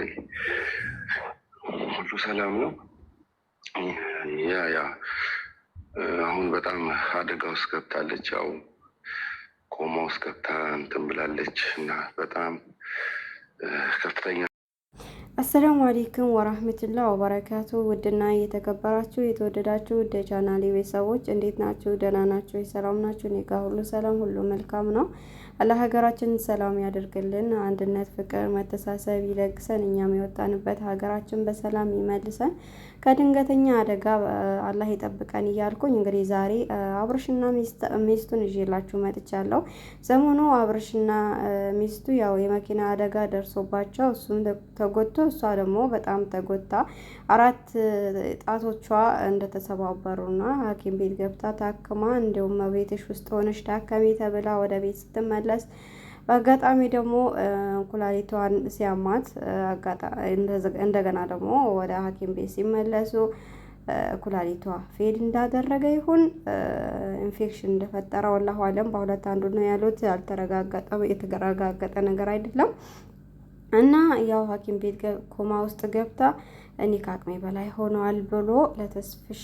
ወይ ሁሉ ሰላም ነው። ያ ያ አሁን በጣም አደጋ ውስጥ ገብታለች። ያው ቆማ ውስጥ ገብታ እንትን ብላለች እና በጣም ከፍተኛ አሰላሙ አሌይኩም ወራህመቱላ ወበረካቱ። ውድና እየተከበራችሁ የተወደዳችሁ ውድ የቻናሌ ቤተሰቦች እንዴት ናችሁ? ደህና ናችሁ? ሰላም ናችሁ? እኔ ሁሉ ሰላም፣ ሁሉ መልካም ነው። አላህ ሀገራችን ሰላም ያደርግልን፣ አንድነት፣ ፍቅር፣ መተሳሰብ ይለግሰን። እኛም የወጣንበት ሀገራችን በሰላም ይመልሰን፣ ከድንገተኛ አደጋ አላህ ይጠብቀን እያልኩኝ እንግዲህ ዛሬ አብርሽና ሚስቱን ይዤላችሁ መጥቻለሁ። ሰሞኑ አብርሽና ሚስቱ ያው የመኪና አደጋ ደርሶባቸው እሱም ተጎድቶ እሷ ደግሞ በጣም ተጎድታ አራት ጣቶቿ እንደተሰባበሩና ሐኪም ቤት ገብታ ታክማ እንዲሁም ቤትሽ ውስጥ ሆነሽ ታከሚ ተብላ ወደ ቤት ስትመለስ በአጋጣሚ ደግሞ ኩላሊቷን ሲያማት እንደገና ደግሞ ወደ ሐኪም ቤት ሲመለሱ ኩላሊቷ ፌድ እንዳደረገ ይሁን ኢንፌክሽን እንደፈጠረ ወላሁ አለም በሁለት አንዱ ነው ያሉት። ያልተረጋገጠ የተረጋገጠ ነገር አይደለም። እና ያው ሐኪም ቤት ኮማ ውስጥ ገብታ እኔ ከአቅሜ በላይ ሆነዋል ብሎ ለተስፍሽ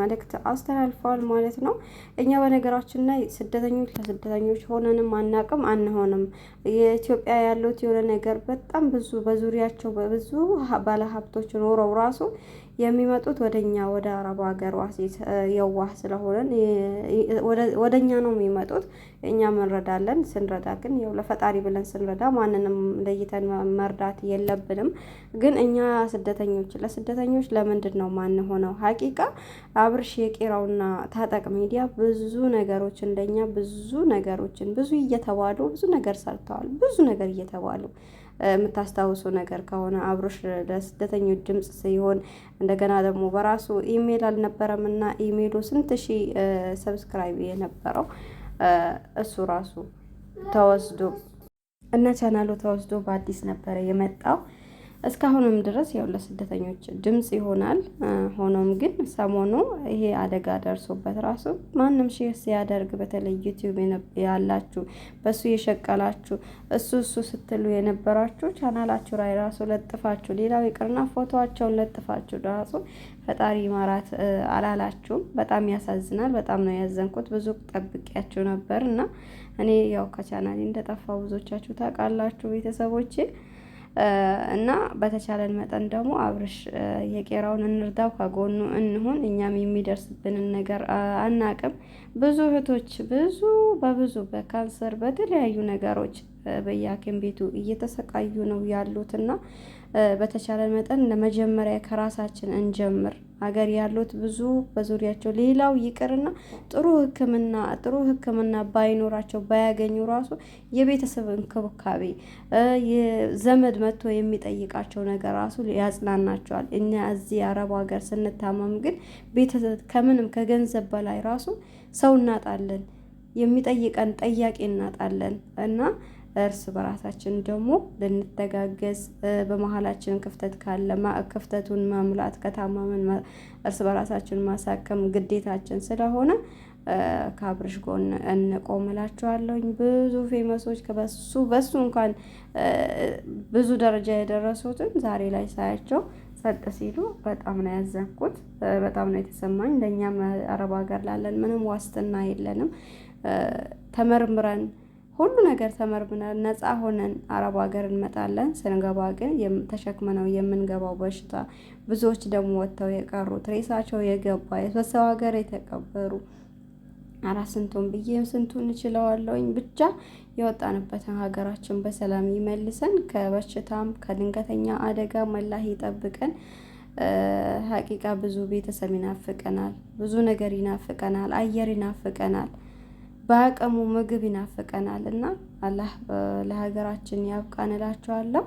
መልእክት አስተላልፈዋል ማለት ነው። እኛ በነገራችን ላይ ስደተኞች ለስደተኞች ሆነንም አናቅም አንሆንም። የኢትዮጵያ ያሉት የሆነ ነገር በጣም ብዙ በዙሪያቸው በብዙ ባለሀብቶች ኖረው ራሱ የሚመጡት ወደኛ ወደ አረብ ሀገር ዋሴት የዋህ ስለሆነን ወደኛ ነው የሚመጡት። እኛም እንረዳለን። ስንረዳ ግን ያው ለፈጣሪ ብለን ስንረዳ ማንንም ለይተን መርዳት የለብንም። ግን እኛ ስደተኞች ለስደተኞች ለስደተኞች ለምንድን ነው ማን ሆነው ሀቂቃ አብርሽ የቄራውና ታጠቅ ሚዲያ ብዙ ነገሮችን ለእኛ ብዙ ነገሮችን ብዙ እየተባሉ ብዙ ነገር ሰርተዋል። ብዙ ነገር እየተባሉ የምታስታውሱ ነገር ከሆነ አብርሽ ለስደተኞች ድምፅ ሲሆን እንደገና ደግሞ በራሱ ኢሜል አልነበረም እና ኢሜሉ ስንት ሺ ሰብስክራይብ የነበረው እሱ ራሱ ተወስዶ እና ቻናሉ ተወስዶ በአዲስ ነበረ የመጣው እስካሁንም ድረስ ያው ለስደተኞች ድምፅ ይሆናል። ሆኖም ግን ሰሞኑ ይሄ አደጋ ደርሶበት ራሱ ማንም ሼር ሲያደርግ በተለይ ዩቲዩብ ያላችሁ በእሱ የሸቀላችሁ እሱ እሱ ስትሉ የነበራችሁ ቻናላችሁ ላይ ራሱ ለጥፋችሁ፣ ሌላው ይቅርና ፎቶዋቸውን ለጥፋችሁ ራሱ ፈጣሪ ማራት አላላችሁም። በጣም ያሳዝናል። በጣም ነው ያዘንኩት። ብዙ ጠብቂያችሁ ነበር እና እኔ ያው ከቻናሌ እንደጠፋ ብዙዎቻችሁ ታውቃላችሁ ቤተሰቦቼ እና በተቻለን መጠን ደግሞ አብርሽ የቄራውን እንርዳው፣ ከጎኑ እንሁን። እኛም የሚደርስብንን ነገር አናቅም። ብዙ እህቶች ብዙ በብዙ በካንሰር በተለያዩ ነገሮች በየሐኪም ቤቱ እየተሰቃዩ ነው ያሉትና በተቻለ መጠን ለመጀመሪያ ከራሳችን እንጀምር። ሀገር ያሉት ብዙ በዙሪያቸው ሌላው ይቅርና ጥሩ ሕክምና ጥሩ ሕክምና ባይኖራቸው ባያገኙ ራሱ የቤተሰብ እንክብካቤ የዘመድ መጥቶ የሚጠይቃቸው ነገር ራሱ ያጽናናቸዋል። እኛ እዚህ አረብ ሀገር ስንታመም ግን ቤተሰብ ከምንም ከገንዘብ በላይ ራሱ ሰው እናጣለን፣ የሚጠይቀን ጠያቂ እናጣለን እና እርስ በራሳችን ደግሞ ልንተጋገዝ በመሀላችን ክፍተት ካለ ክፍተቱን መሙላት ከታማምን እርስ በራሳችን ማሳከም ግዴታችን ስለሆነ ከአብርሽ ጎን እንቆም ብዙ ፌመሶች ከበሱ በሱ እንኳን ብዙ ደረጃ የደረሱትን ዛሬ ላይ ሳያቸው ሰጥ ሲሉ በጣም ነው ያዘንኩት፣ በጣም ነው የተሰማኝ። ለእኛም አረብ ሀገር ላለን ምንም ዋስትና የለንም ተመርምረን ሁሉ ነገር ተመርምነን ነፃ ሆነን አረብ ሀገር እንመጣለን። ስንገባ ግን ተሸክመነው የምንገባው በሽታ ብዙዎች ደግሞ ወጥተው የቀሩት ሬሳቸው የገባ የሰው ሀገር የተቀበሩ አራ ስንቱን ብዬ ስንቱን እችለዋለሁኝ። ብቻ የወጣንበትን ሀገራችን በሰላም ይመልሰን፣ ከበሽታም ከድንገተኛ አደጋ መላህ ይጠብቀን። ሀቂቃ ብዙ ቤተሰብ ይናፍቀናል፣ ብዙ ነገር ይናፍቀናል፣ አየር ይናፍቀናል። በአቅሙ ምግብ ይናፍቀናል እና አላህ ለሀገራችን ያብቃን እላችኋለሁ።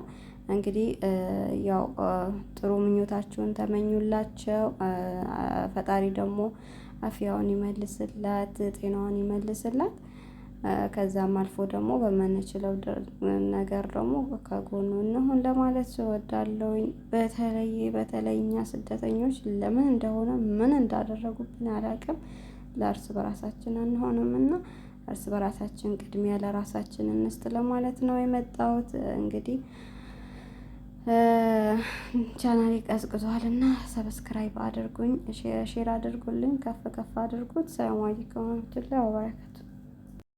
እንግዲህ ያው ጥሩ ምኞታችሁን ተመኙላቸው። ፈጣሪ ደግሞ አፍያውን ይመልስላት፣ ጤናውን ይመልስላት። ከዛም አልፎ ደግሞ በምንችለው ነገር ደግሞ ከጎኑ እንሁን ለማለት እወዳለሁኝ። በተለይ በተለይ እኛ ስደተኞች ለምን እንደሆነ ምን እንዳደረጉብን አላውቅም። ለእርስ በራሳችን አንሆንም እና እርስ በራሳችን ቅድሚያ ለራሳችን እንስጥ ለማለት ነው የመጣሁት። እንግዲህ ቻናሌ ቀዝቅዟል እና ሰብስክራይብ አድርጉኝ፣ ሼር አድርጉልኝ፣ ከፍ ከፍ አድርጉት። ሰላም አለይኩም ወረህመቱላሂ ወበረካቱ